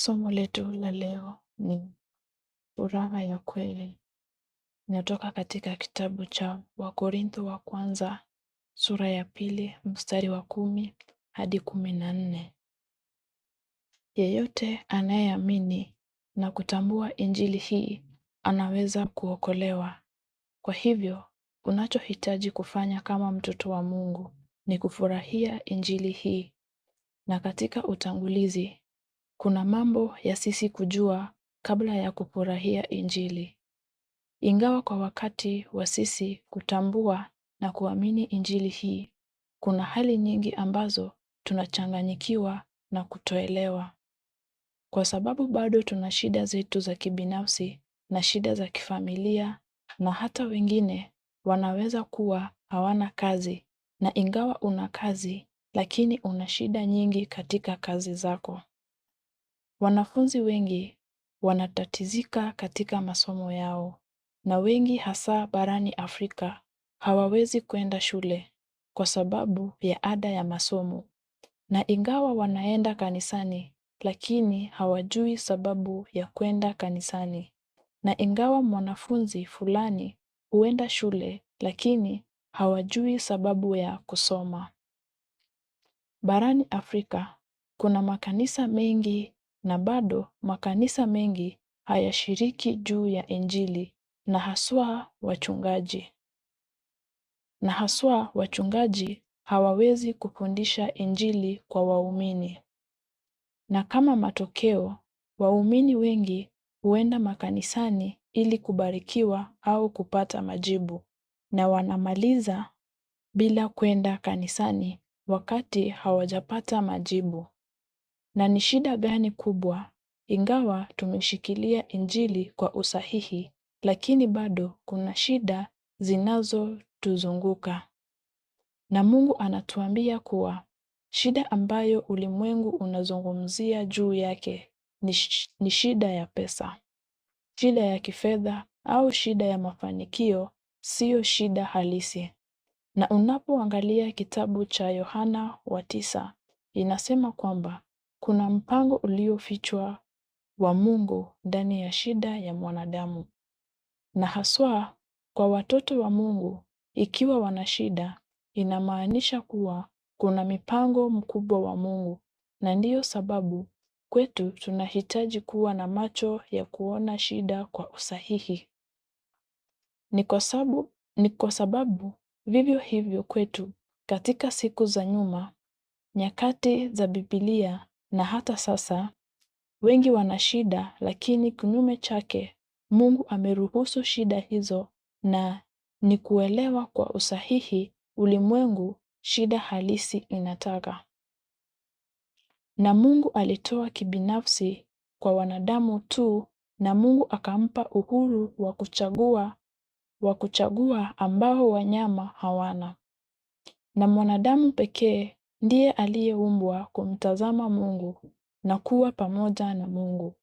Somo letu la leo ni furaha ya kweli. Inatoka katika kitabu cha Wakorintho wa kwanza sura ya pili mstari wa kumi hadi kumi na nne. Yeyote anayeamini na kutambua injili hii anaweza kuokolewa. Kwa hivyo, unachohitaji kufanya kama mtoto wa Mungu ni kufurahia injili hii. Na katika utangulizi kuna mambo ya sisi kujua kabla ya kufurahia Injili. Ingawa kwa wakati wa sisi kutambua na kuamini Injili hii, kuna hali nyingi ambazo tunachanganyikiwa na kutoelewa, kwa sababu bado tuna shida zetu za kibinafsi na shida za kifamilia, na hata wengine wanaweza kuwa hawana kazi, na ingawa una kazi, lakini una shida nyingi katika kazi zako. Wanafunzi wengi wanatatizika katika masomo yao na wengi hasa barani Afrika hawawezi kwenda shule kwa sababu ya ada ya masomo na ingawa wanaenda kanisani lakini hawajui sababu ya kwenda kanisani na ingawa mwanafunzi fulani huenda shule lakini hawajui sababu ya kusoma. Barani Afrika kuna makanisa mengi na bado makanisa mengi hayashiriki juu ya Injili na haswa wachungaji. Na haswa wachungaji hawawezi kufundisha Injili kwa waumini. Na kama matokeo, waumini wengi huenda makanisani ili kubarikiwa au kupata majibu na wanamaliza bila kwenda kanisani wakati hawajapata majibu na ni shida gani kubwa. Ingawa tumeshikilia Injili kwa usahihi, lakini bado kuna shida zinazotuzunguka. Na Mungu anatuambia kuwa shida ambayo ulimwengu unazungumzia juu yake ni shida ya pesa, shida ya kifedha au shida ya mafanikio, siyo shida halisi. Na unapoangalia kitabu cha Yohana wa tisa, inasema kwamba kuna mpango uliofichwa wa Mungu ndani ya shida ya mwanadamu, na haswa kwa watoto wa Mungu. Ikiwa wana shida, inamaanisha kuwa kuna mipango mkubwa wa Mungu, na ndiyo sababu kwetu tunahitaji kuwa na macho ya kuona shida kwa usahihi. Ni kwa sababu, ni kwa sababu vivyo hivyo kwetu katika siku za nyuma, nyakati za Biblia na hata sasa wengi wana shida lakini kinyume chake Mungu ameruhusu shida hizo na ni kuelewa kwa usahihi ulimwengu shida halisi inataka. Na Mungu alitoa kibinafsi kwa wanadamu tu na Mungu akampa uhuru wa kuchagua wa kuchagua ambao wanyama hawana. Na mwanadamu pekee Ndiye aliyeumbwa kumtazama Mungu na kuwa pamoja na Mungu.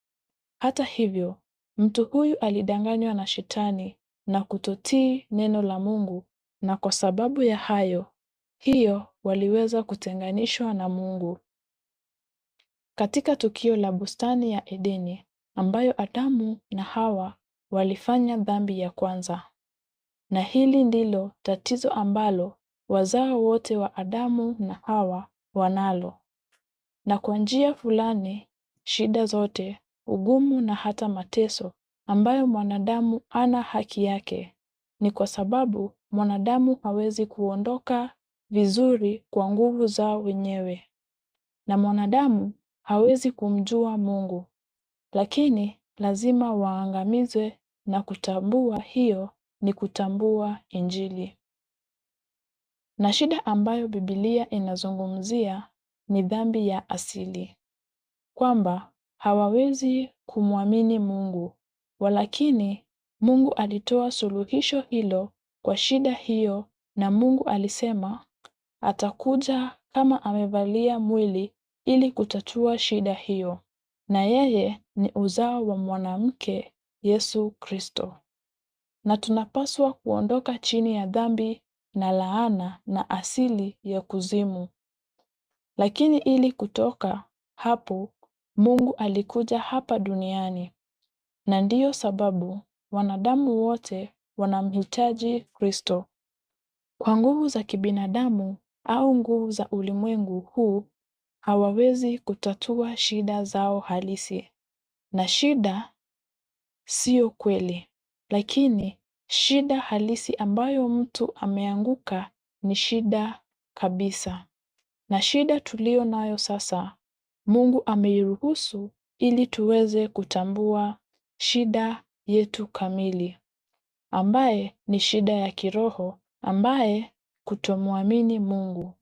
Hata hivyo, mtu huyu alidanganywa na Shetani na kutotii neno la Mungu na kwa sababu ya hayo hiyo waliweza kutenganishwa na Mungu. Katika tukio la bustani ya Edeni ambayo Adamu na Hawa walifanya dhambi ya kwanza. Na hili ndilo tatizo ambalo wazao wote wa Adamu na Hawa wanalo, na kwa njia fulani shida zote, ugumu na hata mateso ambayo mwanadamu ana haki yake, ni kwa sababu mwanadamu hawezi kuondoka vizuri kwa nguvu zao wenyewe, na mwanadamu hawezi kumjua Mungu, lakini lazima waangamizwe na kutambua hiyo ni kutambua Injili na shida ambayo Biblia inazungumzia ni dhambi ya asili, kwamba hawawezi kumwamini Mungu. Walakini Mungu alitoa suluhisho hilo kwa shida hiyo, na Mungu alisema atakuja kama amevalia mwili ili kutatua shida hiyo, na yeye ni uzao wa mwanamke Yesu Kristo. Na tunapaswa kuondoka chini ya dhambi na laana na asili ya kuzimu. Lakini ili kutoka hapo, Mungu alikuja hapa duniani, na ndiyo sababu wanadamu wote wanamhitaji Kristo. Kwa nguvu za kibinadamu au nguvu za ulimwengu huu, hawawezi kutatua shida zao halisi. Na shida siyo kweli, lakini Shida halisi ambayo mtu ameanguka ni shida kabisa. Na shida tuliyo nayo sasa, Mungu ameiruhusu ili tuweze kutambua shida yetu kamili, ambaye ni shida ya kiroho, ambaye kutomwamini Mungu.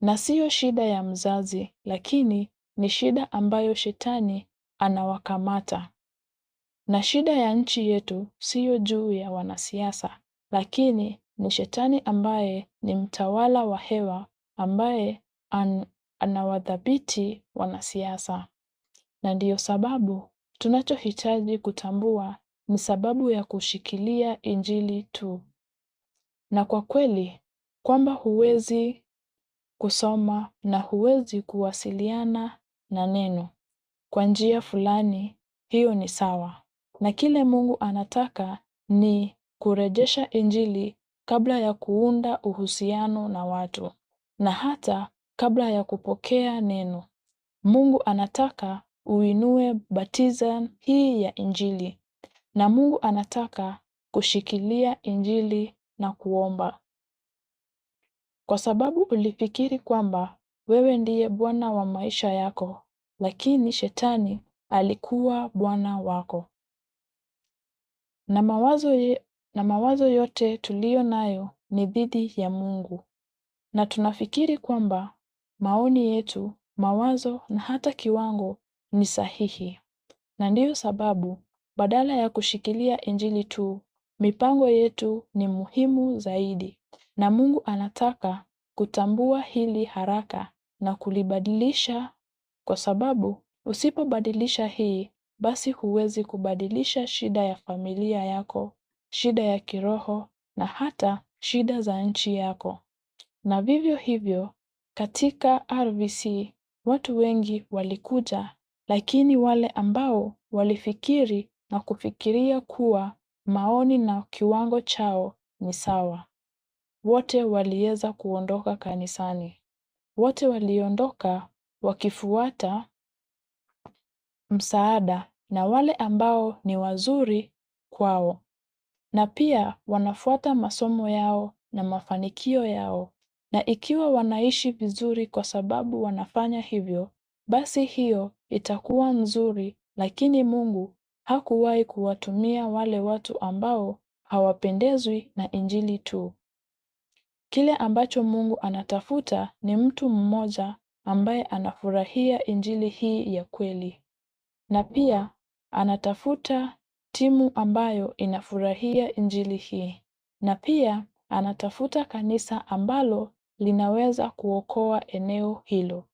Na siyo shida ya mzazi, lakini ni shida ambayo shetani anawakamata. Na shida ya nchi yetu siyo juu ya wanasiasa, lakini ni shetani ambaye ni mtawala wa hewa ambaye an, anawadhibiti wanasiasa. Na ndiyo sababu tunachohitaji kutambua ni sababu ya kushikilia Injili tu, na kwa kweli kwamba huwezi kusoma na huwezi kuwasiliana na neno kwa njia fulani, hiyo ni sawa na kile Mungu anataka ni kurejesha Injili kabla ya kuunda uhusiano na watu na hata kabla ya kupokea neno. Mungu anataka uinue batiza hii ya Injili, na Mungu anataka kushikilia Injili na kuomba. Kwa sababu ulifikiri kwamba wewe ndiye bwana wa maisha yako, lakini Shetani alikuwa bwana wako na mawazo yote tuliyo nayo ni dhidi ya Mungu, na tunafikiri kwamba maoni yetu, mawazo na hata kiwango ni sahihi. Na ndiyo sababu badala ya kushikilia Injili tu, mipango yetu ni muhimu zaidi, na Mungu anataka kutambua hili haraka na kulibadilisha, kwa sababu usipobadilisha hii basi huwezi kubadilisha shida ya familia yako, shida ya kiroho na hata shida za nchi yako. Na vivyo hivyo, katika RVC watu wengi walikuja, lakini wale ambao walifikiri na kufikiria kuwa maoni na kiwango chao ni sawa, wote waliweza kuondoka kanisani. Wote waliondoka wakifuata msaada na wale ambao ni wazuri kwao na pia wanafuata masomo yao na mafanikio yao na ikiwa wanaishi vizuri kwa sababu wanafanya hivyo, basi hiyo itakuwa nzuri lakini Mungu hakuwahi kuwatumia wale watu ambao hawapendezwi na Injili tu. Kile ambacho Mungu anatafuta ni mtu mmoja ambaye anafurahia Injili hii ya kweli na pia anatafuta timu ambayo inafurahia injili hii na pia anatafuta kanisa ambalo linaweza kuokoa eneo hilo.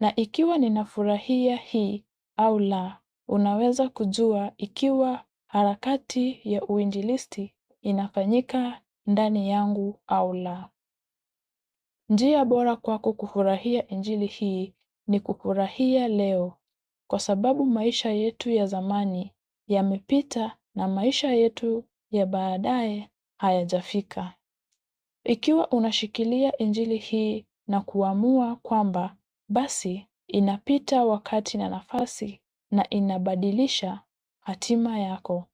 Na ikiwa ninafurahia hii au la, unaweza kujua ikiwa harakati ya uinjilisti inafanyika ndani yangu au la. Njia bora kwako kufurahia injili hii ni kufurahia leo kwa sababu maisha yetu ya zamani yamepita na maisha yetu ya baadaye hayajafika. Ikiwa unashikilia Injili hii na kuamua kwamba basi inapita wakati na nafasi na inabadilisha hatima yako.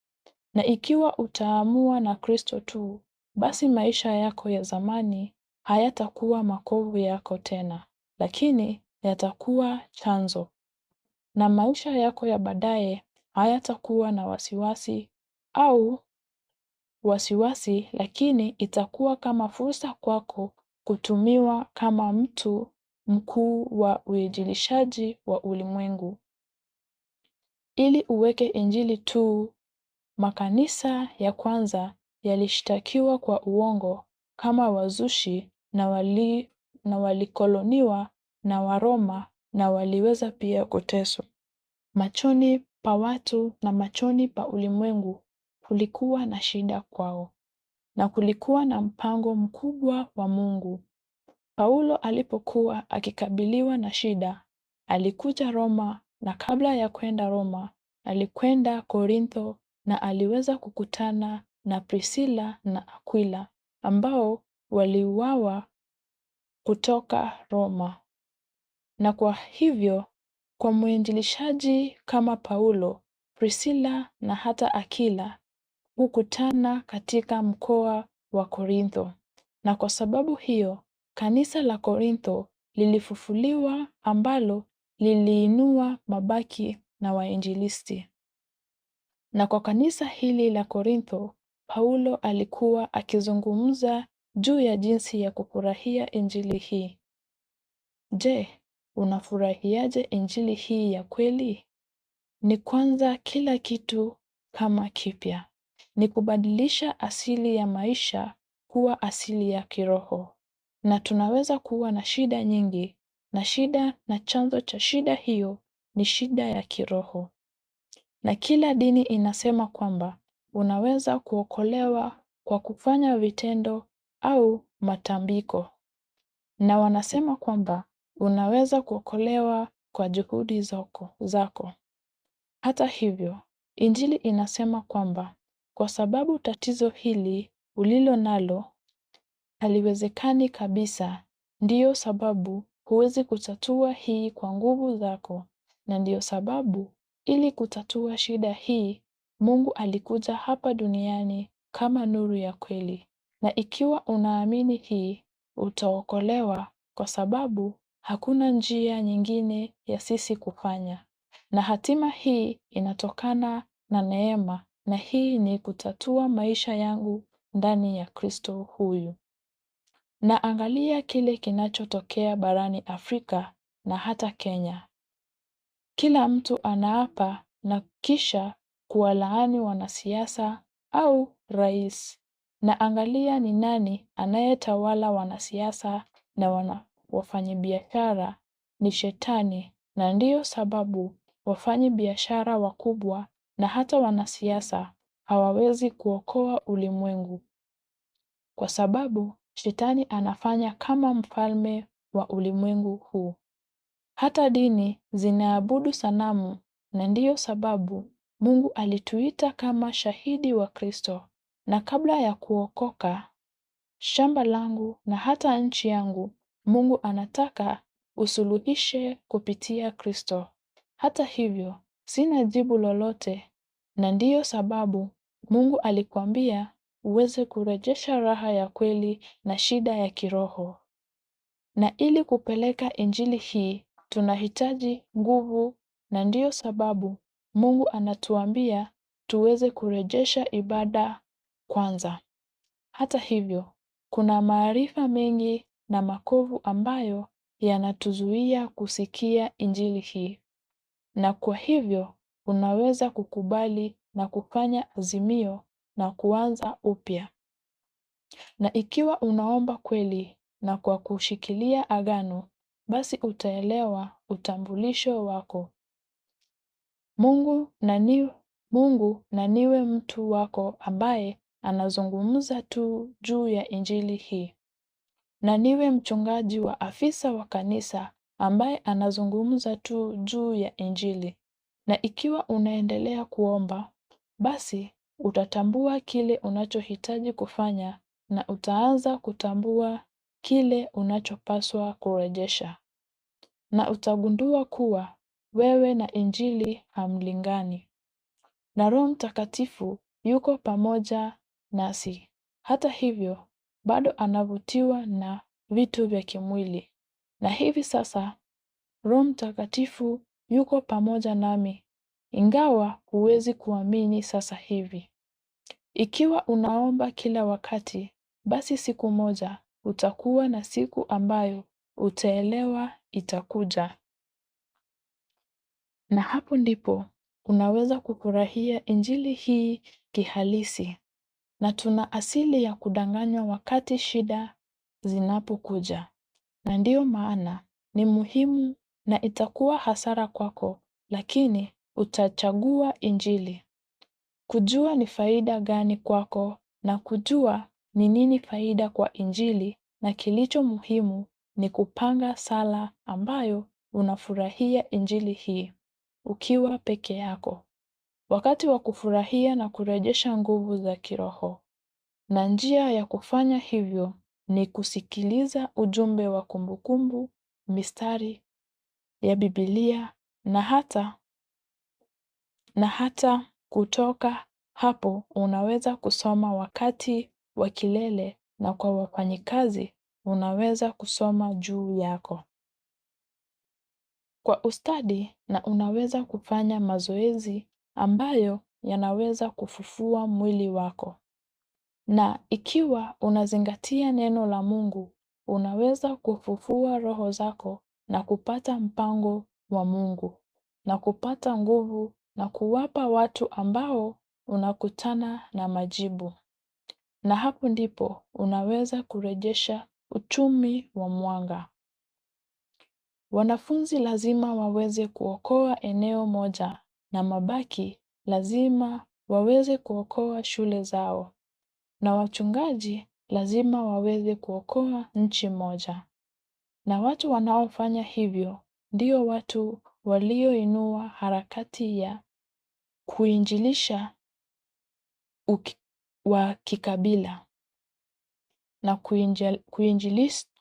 Na ikiwa utaamua na Kristo tu, basi maisha yako ya zamani hayatakuwa makovu yako tena, lakini yatakuwa chanzo na maisha yako ya baadaye hayatakuwa na wasiwasi au wasiwasi lakini itakuwa kama fursa kwako kutumiwa kama mtu mkuu wa uinjilishaji wa ulimwengu. Ili uweke Injili tu, makanisa ya kwanza yalishtakiwa kwa uongo kama wazushi na wali na walikoloniwa na Waroma na waliweza pia kuteswa. Machoni pa watu na machoni pa ulimwengu kulikuwa na shida kwao, na kulikuwa na mpango mkubwa wa Mungu. Paulo alipokuwa akikabiliwa na shida, alikuja Roma na kabla ya kwenda Roma, alikwenda Korintho na aliweza kukutana na Priscilla na Akwila ambao waliuawa kutoka Roma na kwa hivyo kwa mwinjilishaji kama Paulo, Priscilla na hata Akila hukutana katika mkoa wa Korintho, na kwa sababu hiyo kanisa la Korintho lilifufuliwa ambalo liliinua mabaki na wainjilisti. Na kwa kanisa hili la Korintho, Paulo alikuwa akizungumza juu ya jinsi ya kufurahia injili hii. Je, Unafurahiaje injili hii ya kweli? Ni kwanza kila kitu kama kipya. Ni kubadilisha asili ya maisha kuwa asili ya kiroho. Na tunaweza kuwa na shida nyingi, na shida na chanzo cha shida hiyo ni shida ya kiroho. Na kila dini inasema kwamba unaweza kuokolewa kwa kufanya vitendo au matambiko. Na wanasema kwamba Unaweza kuokolewa kwa juhudi zako, zako. Hata hivyo, Injili inasema kwamba kwa sababu tatizo hili ulilo nalo haliwezekani kabisa, ndiyo sababu huwezi kutatua hii kwa nguvu zako, na ndiyo sababu ili kutatua shida hii, Mungu alikuja hapa duniani kama nuru ya kweli. Na ikiwa unaamini hii, utaokolewa kwa sababu Hakuna njia nyingine ya sisi kufanya, na hatima hii inatokana na neema, na hii ni kutatua maisha yangu ndani ya Kristo huyu. Na angalia kile kinachotokea barani Afrika na hata Kenya. Kila mtu anaapa na kisha kuwalaani wanasiasa au rais. Na angalia ni nani anayetawala wanasiasa na wana wafanyibiashara ni shetani na ndiyo sababu biashara wakubwa na hata wanasiasa hawawezi kuokoa ulimwengu kwa sababu shetani anafanya kama mfalme wa ulimwengu huu. Hata dini zinaabudu sanamu na ndiyo sababu Mungu alituita kama shahidi wa Kristo. Na kabla ya kuokoka, shamba langu na hata nchi yangu Mungu anataka usuluhishe kupitia Kristo. Hata hivyo, sina jibu lolote na ndiyo sababu Mungu alikwambia uweze kurejesha raha ya kweli na shida ya kiroho. Na ili kupeleka Injili hii tunahitaji nguvu na ndiyo sababu Mungu anatuambia tuweze kurejesha ibada kwanza. Hata hivyo, kuna maarifa mengi na makovu ambayo yanatuzuia kusikia Injili hii. Na kwa hivyo unaweza kukubali na kufanya azimio na kuanza upya. Na ikiwa unaomba kweli na kwa kushikilia agano, basi utaelewa utambulisho wako. Mungu na ni Mungu na niwe mtu wako ambaye anazungumza tu juu ya Injili hii na niwe mchungaji wa afisa wa kanisa ambaye anazungumza tu juu ya Injili. Na ikiwa unaendelea kuomba, basi utatambua kile unachohitaji kufanya na utaanza kutambua kile unachopaswa kurejesha. Na utagundua kuwa wewe na Injili hamlingani. Na Roho Mtakatifu yuko pamoja nasi. Hata hivyo, bado anavutiwa na vitu vya kimwili. Na hivi sasa Roho Mtakatifu yuko pamoja nami, ingawa huwezi kuamini sasa hivi. Ikiwa unaomba kila wakati, basi siku moja utakuwa na siku ambayo utaelewa itakuja. Na hapo ndipo unaweza kufurahia Injili hii kihalisi na tuna asili ya kudanganywa wakati shida zinapokuja, na ndiyo maana ni muhimu na itakuwa hasara kwako, lakini utachagua Injili. Kujua ni faida gani kwako na kujua ni nini faida kwa Injili, na kilicho muhimu ni kupanga sala ambayo unafurahia Injili hii ukiwa peke yako wakati wa kufurahia na kurejesha nguvu za kiroho. Na njia ya kufanya hivyo ni kusikiliza ujumbe wa kumbukumbu, mistari ya Biblia na hata na hata kutoka hapo unaweza kusoma wakati wa kilele na kwa wafanyikazi unaweza kusoma juu yako kwa ustadi na unaweza kufanya mazoezi ambayo yanaweza kufufua mwili wako. Na ikiwa unazingatia neno la Mungu, unaweza kufufua roho zako na kupata mpango wa Mungu na kupata nguvu na kuwapa watu ambao unakutana na majibu. Na hapo ndipo unaweza kurejesha uchumi wa mwanga. Wanafunzi lazima waweze kuokoa eneo moja na mabaki lazima waweze kuokoa shule zao na wachungaji lazima waweze kuokoa nchi moja. Na watu wanaofanya hivyo ndio watu walioinua harakati ya kuinjilisha wa kikabila na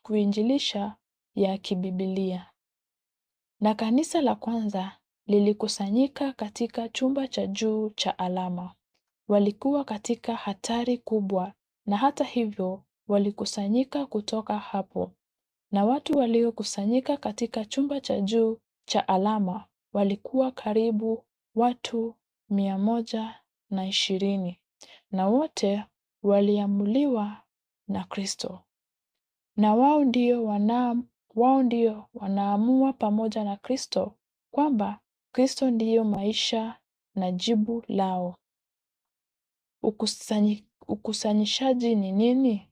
kuinjilisha ya kibibilia. Na kanisa la kwanza lilikusanyika katika chumba cha juu cha alama. Walikuwa katika hatari kubwa na hata hivyo walikusanyika kutoka hapo. Na watu waliokusanyika katika chumba cha juu cha alama walikuwa karibu watu mia moja na ishirini na wote waliamuliwa na Kristo. Na wao ndio wana wao ndio wanaamua pamoja na Kristo kwamba Kristo ndiyo maisha na jibu lao. Ukusanyi, ukusanyishaji ni nini?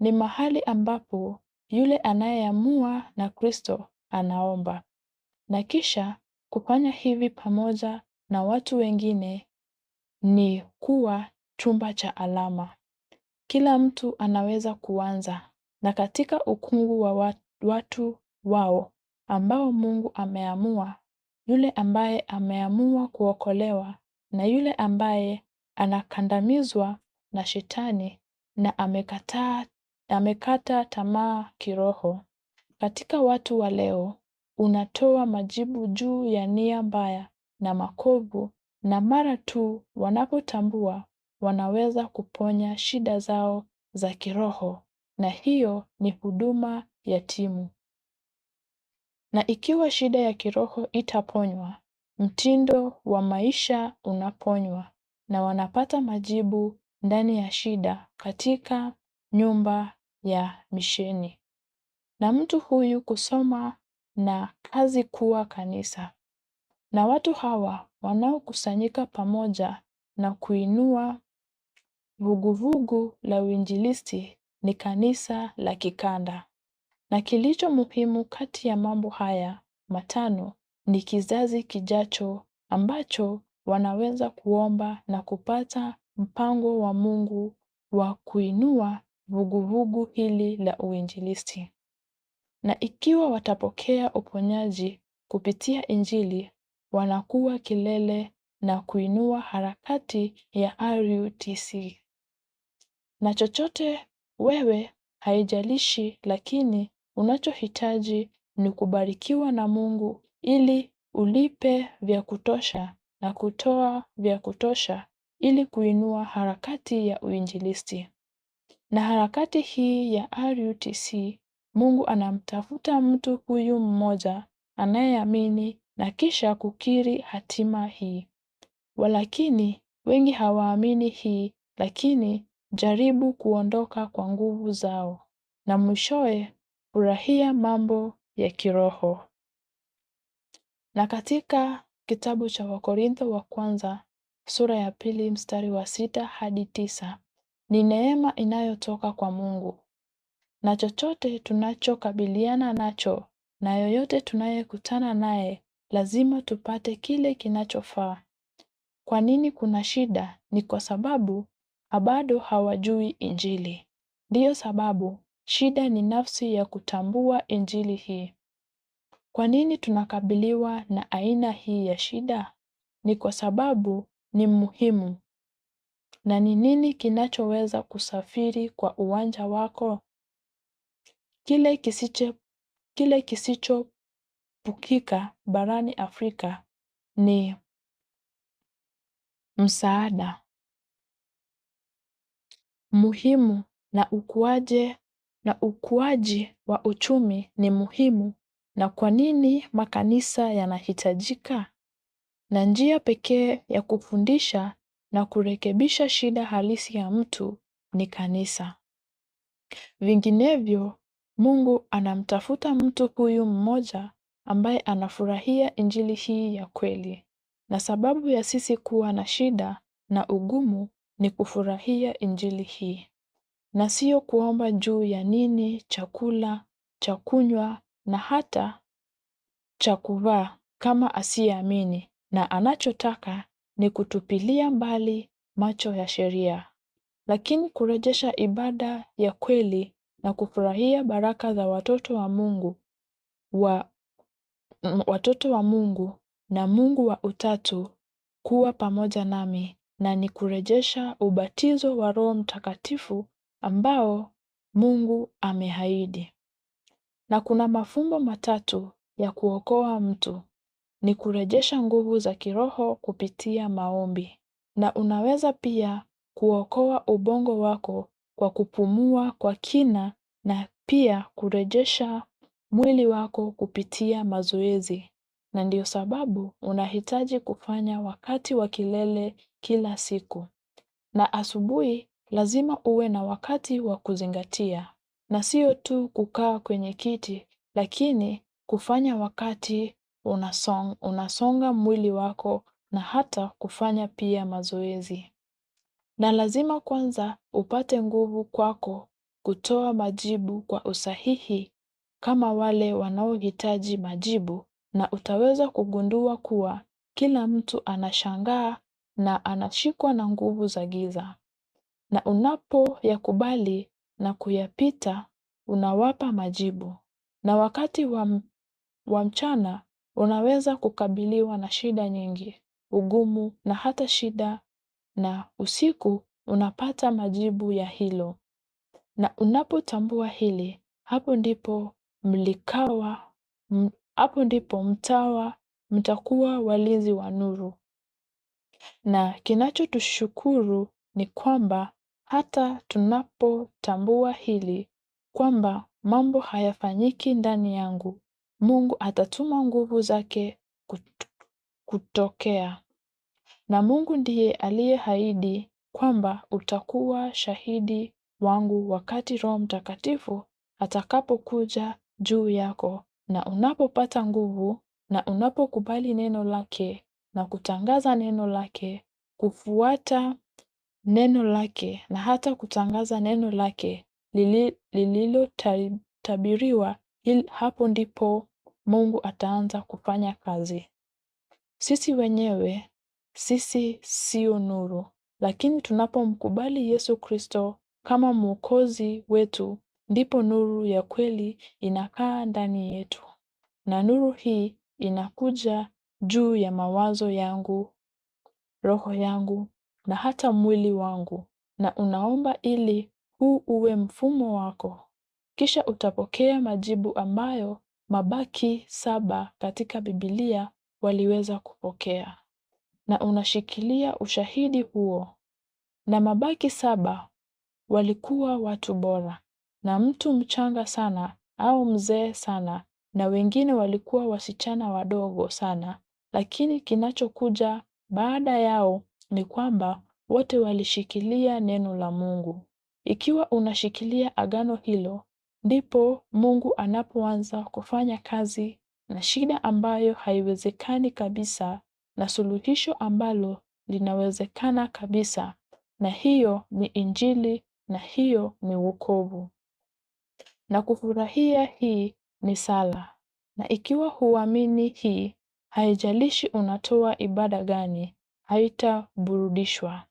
Ni mahali ambapo yule anayeamua na Kristo anaomba na kisha kufanya hivi pamoja na watu wengine ni kuwa chumba cha alama. Kila mtu anaweza kuanza na katika ukungu wa watu wao ambao Mungu ameamua yule ambaye ameamua kuokolewa na yule ambaye anakandamizwa na Shetani na amekataa amekata tamaa kiroho. Katika watu wa leo, unatoa majibu juu ya nia mbaya na makovu na mara tu wanapotambua wanaweza kuponya shida zao za kiroho na hiyo ni huduma ya timu na ikiwa shida ya kiroho itaponywa, mtindo wa maisha unaponywa na wanapata majibu ndani ya shida katika nyumba ya misheni. Na mtu huyu kusoma na kazi kuwa kanisa. Na watu hawa wanaokusanyika pamoja na kuinua vuguvugu la uinjilisti ni kanisa la kikanda na kilicho muhimu kati ya mambo haya matano ni kizazi kijacho ambacho wanaweza kuomba na kupata mpango wa Mungu wa kuinua vuguvugu hili la uinjilisti. Na ikiwa watapokea uponyaji kupitia Injili, wanakuwa kilele na kuinua harakati ya RUTC. Na chochote wewe, haijalishi lakini Unachohitaji ni kubarikiwa na Mungu ili ulipe vya kutosha na kutoa vya kutosha ili kuinua harakati ya uinjilisti. Na harakati hii ya RUTC, Mungu anamtafuta mtu huyu mmoja anayeamini na kisha kukiri hatima hii. Walakini wengi hawaamini hii, lakini jaribu kuondoka kwa nguvu zao, na mwishowe furahia mambo ya kiroho. Na katika kitabu cha Wakorintho wa kwanza sura ya pili mstari wa sita hadi tisa ni neema inayotoka kwa Mungu, na chochote tunachokabiliana nacho na yoyote tunayekutana naye lazima tupate kile kinachofaa. Kwa nini kuna shida? Ni kwa sababu bado hawajui Injili. Ndiyo sababu Shida ni nafsi ya kutambua injili hii. Kwa nini tunakabiliwa na aina hii ya shida? Ni kwa sababu ni muhimu. Na ni nini kinachoweza kusafiri kwa uwanja wako? Kile kisiche, kile kisichopukika barani Afrika ni msaada muhimu na ukuaje na ukuaji wa uchumi ni muhimu na kwa nini makanisa yanahitajika? Na njia pekee ya kufundisha na kurekebisha shida halisi ya mtu ni kanisa. Vinginevyo, Mungu anamtafuta mtu huyu mmoja ambaye anafurahia Injili hii ya kweli. Na sababu ya sisi kuwa na shida na ugumu ni kufurahia Injili hii na sio kuomba juu ya nini, chakula, cha kunywa na hata cha kuvaa kama asiyeamini na anachotaka ni kutupilia mbali macho ya sheria, lakini kurejesha ibada ya kweli na kufurahia baraka za watoto wa Mungu wa watoto wa Mungu na Mungu wa Utatu kuwa pamoja nami na ni kurejesha ubatizo wa Roho Mtakatifu ambao Mungu ameahidi. Na kuna mafumbo matatu ya kuokoa mtu: ni kurejesha nguvu za kiroho kupitia maombi, na unaweza pia kuokoa ubongo wako kwa kupumua kwa kina, na pia kurejesha mwili wako kupitia mazoezi. Na ndio sababu unahitaji kufanya wakati wa kilele kila siku, na asubuhi lazima uwe na wakati wa kuzingatia na sio tu kukaa kwenye kiti, lakini kufanya wakati unasong, unasonga mwili wako na hata kufanya pia mazoezi. Na lazima kwanza upate nguvu kwako kutoa majibu kwa usahihi kama wale wanaohitaji majibu na utaweza kugundua kuwa kila mtu anashangaa na anashikwa na nguvu za giza na unapoyakubali na kuyapita unawapa majibu. Na wakati wa mchana unaweza kukabiliwa na shida nyingi, ugumu na hata shida, na usiku unapata majibu ya hilo. Na unapotambua hili, hapo ndipo mlikawa, hapo ndipo mtawa mtakuwa walinzi wa nuru. Na kinachotushukuru ni kwamba hata tunapotambua hili, kwamba mambo hayafanyiki ndani yangu, Mungu atatuma nguvu zake kutokea. Na Mungu ndiye aliyeahidi kwamba utakuwa shahidi wangu wakati Roho Mtakatifu atakapokuja juu yako na unapopata nguvu na unapokubali neno lake na kutangaza neno lake, kufuata neno lake na hata kutangaza neno lake lililotabiriwa hapo ndipo Mungu ataanza kufanya kazi. Sisi wenyewe sisi sio nuru, lakini tunapomkubali Yesu Kristo kama Mwokozi wetu, ndipo nuru ya kweli inakaa ndani yetu, na nuru hii inakuja juu ya mawazo yangu, roho yangu na hata mwili wangu na unaomba ili huu uwe mfumo wako. Kisha utapokea majibu ambayo mabaki saba katika Biblia waliweza kupokea, na unashikilia ushahidi huo. Na mabaki saba walikuwa watu bora, na mtu mchanga sana au mzee sana, na wengine walikuwa wasichana wadogo sana, lakini kinachokuja baada yao ni kwamba wote walishikilia neno la Mungu. Ikiwa unashikilia agano hilo, ndipo Mungu anapoanza kufanya kazi na shida ambayo haiwezekani kabisa na suluhisho ambalo linawezekana kabisa, na hiyo ni Injili na hiyo ni wokovu. Na kufurahia hii ni sala. Na ikiwa huamini hii, haijalishi unatoa ibada gani, haitaburudishwa.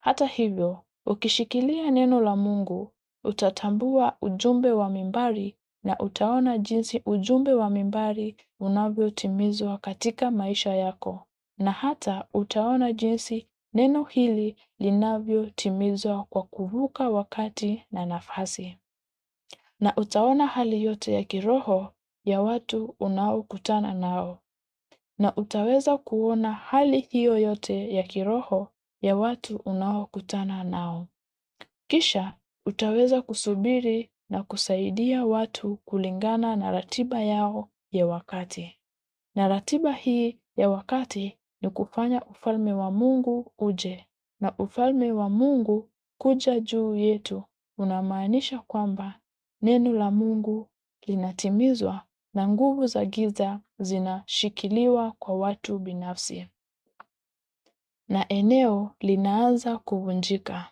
Hata hivyo, ukishikilia neno la Mungu, utatambua ujumbe wa mimbari na utaona jinsi ujumbe wa mimbari unavyotimizwa katika maisha yako, na hata utaona jinsi neno hili linavyotimizwa kwa kuvuka wakati na nafasi, na utaona hali yote ya kiroho ya watu unaokutana nao na utaweza kuona hali hiyo yote ya kiroho ya watu unaokutana nao. Kisha utaweza kusubiri na kusaidia watu kulingana na ratiba yao ya wakati. Na ratiba hii ya wakati ni kufanya ufalme wa Mungu uje. Na ufalme wa Mungu kuja juu yetu unamaanisha kwamba neno la Mungu linatimizwa na nguvu za giza zinashikiliwa kwa watu binafsi na eneo linaanza kuvunjika.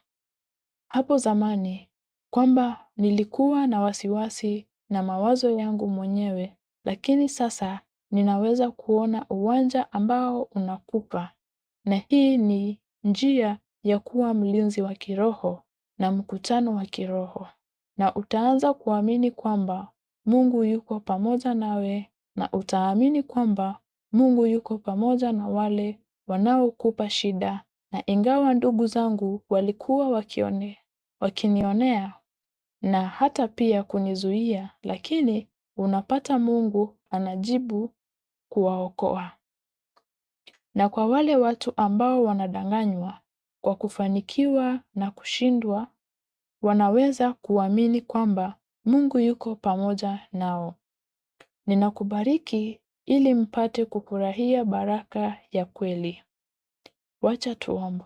Hapo zamani kwamba nilikuwa na wasiwasi na mawazo yangu mwenyewe, lakini sasa ninaweza kuona uwanja ambao unakupa, na hii ni njia ya kuwa mlinzi wa kiroho na mkutano wa kiroho, na utaanza kuamini kwamba Mungu yuko pamoja nawe na utaamini kwamba Mungu yuko pamoja na wale wanaokupa shida. Na ingawa ndugu zangu walikuwa wakione, wakinionea na hata pia kunizuia, lakini unapata Mungu anajibu kuwaokoa. Na kwa wale watu ambao wanadanganywa kwa kufanikiwa na kushindwa, wanaweza kuamini kwamba Mungu yuko pamoja nao. Ninakubariki ili mpate kufurahia baraka ya kweli. Wacha tuombe.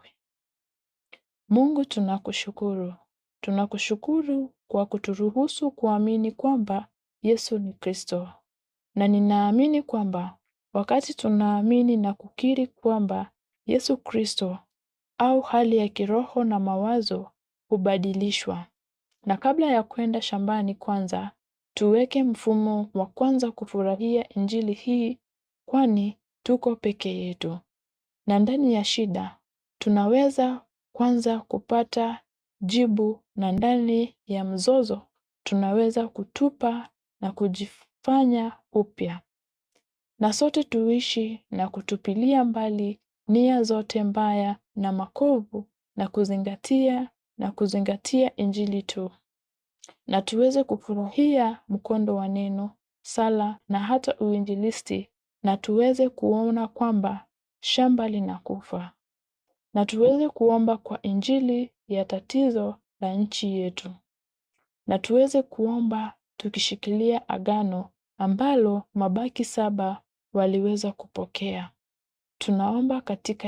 Mungu tunakushukuru. Tunakushukuru kwa kuturuhusu kuamini kwamba Yesu ni Kristo. Na ninaamini kwamba wakati tunaamini na kukiri kwamba Yesu Kristo au hali ya kiroho na mawazo hubadilishwa na kabla ya kwenda shambani kwanza, tuweke mfumo wa kwanza kufurahia injili hii, kwani tuko peke yetu na ndani ya shida tunaweza kwanza kupata jibu, na ndani ya mzozo tunaweza kutupa na kujifanya upya, na sote tuishi na kutupilia mbali nia zote mbaya na makovu na kuzingatia na kuzingatia Injili tu, na tuweze kufurahia mkondo wa neno, sala na hata uinjilisti, na tuweze kuona kwamba shamba linakufa, na tuweze kuomba kwa injili ya tatizo la nchi yetu, na tuweze kuomba tukishikilia agano ambalo mabaki saba waliweza kupokea. Tunaomba katika